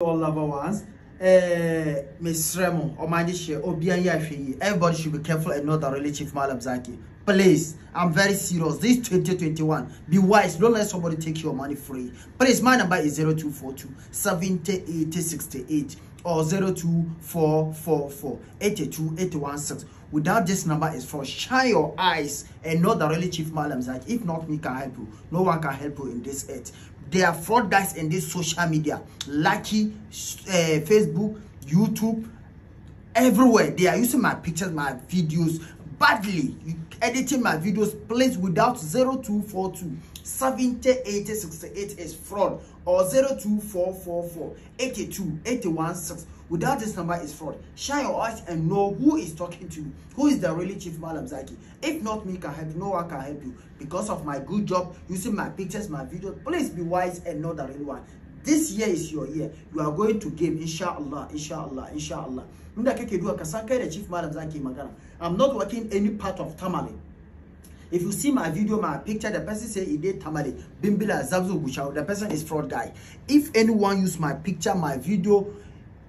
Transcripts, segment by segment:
all lover ones. Uh, eh, Miss Remo, Omadisha, Obian Everybody should be careful and not that relative Malam Zaki. Please, I'm very serious. This 2021, be wise. Don't let somebody take your money free. Please, my number is 0242 70 or 02444 82 816 without this number is for shine your eyes and know that really chief malam That if not me can help you no one can help you in this earth there are fraud guys in this social media lucky uh, facebook youtube everywhere they are using my pictures my videos badly editing my videos plays without 0242 708068 is fraud or 02444 82 without this number is fraud shine your eyes and know who is talking to you who is the really chief malam zaki if not me can help no one can help you because of my good job using my pictures my videos please be wise and know the real one this year is your year you are going to game inshallah inshallah inshallah inda kake duka ka chief malam zaki magana i'm not working any part of tamale If you see my video, my picture, the person say he did tamale, bimbila, zabzu, gushao. The person is fraud guy. If anyone use my picture, my video,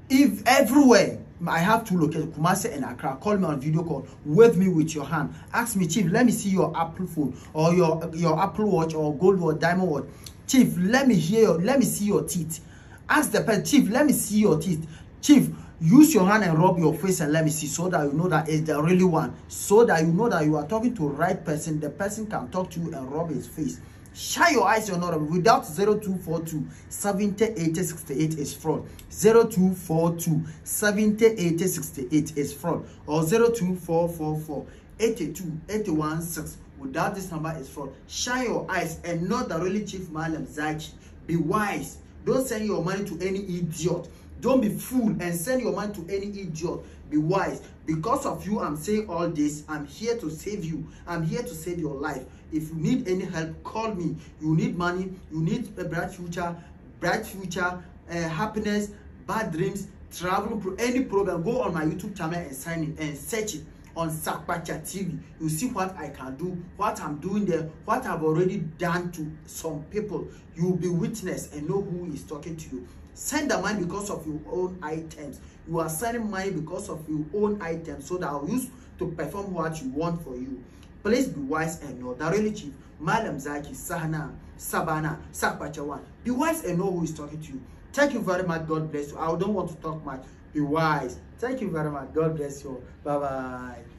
if everywhere I have to locate, Kumasi and Accra. Call me on video call. Wave me with your hand. Ask me, Chief, let me see your Apple phone or your your Apple Watch or Gold or Diamond Watch. Chief, let me hear. Your, let me see your teeth. Ask the person, Chief, let me see your teeth. Chief, use your hand and rub your face and let me see so that you know that it's the really one so that you know that you are talking to right person the person can talk to you and rub his face shine your eyes on other without 0242 70 80 68 is fraud 0242 70 80 68 is fraud or 02444 82 816 without this number is fraud shine your eyes and know the really chief malam zaki be wise Don't send your money to any idiot. Don't be fool and send your money to any idiot. Be wise. Because of you, I'm saying all this. I'm here to save you. I'm here to save your life. If you need any help, call me. You need money. You need a bright future, bright future, uh, happiness, bad dreams, travel, any problem. Go on my YouTube channel and sign in and search it on Sakpacha TV. You see what I can do, what I'm doing there, what I've already done to some people. You'll be witness and know who is talking to you. Send the money because of your own items. You are sending money because of your own items so that I'll use to perform what you want for you. Please be wise and know the relative, Madam Zaki, Sahana, Sabana, One. Be wise and know who is talking to you. Thank you very much. God bless you. I don't want to talk much. be wise. Thank you very much. God bless you. Bye bye.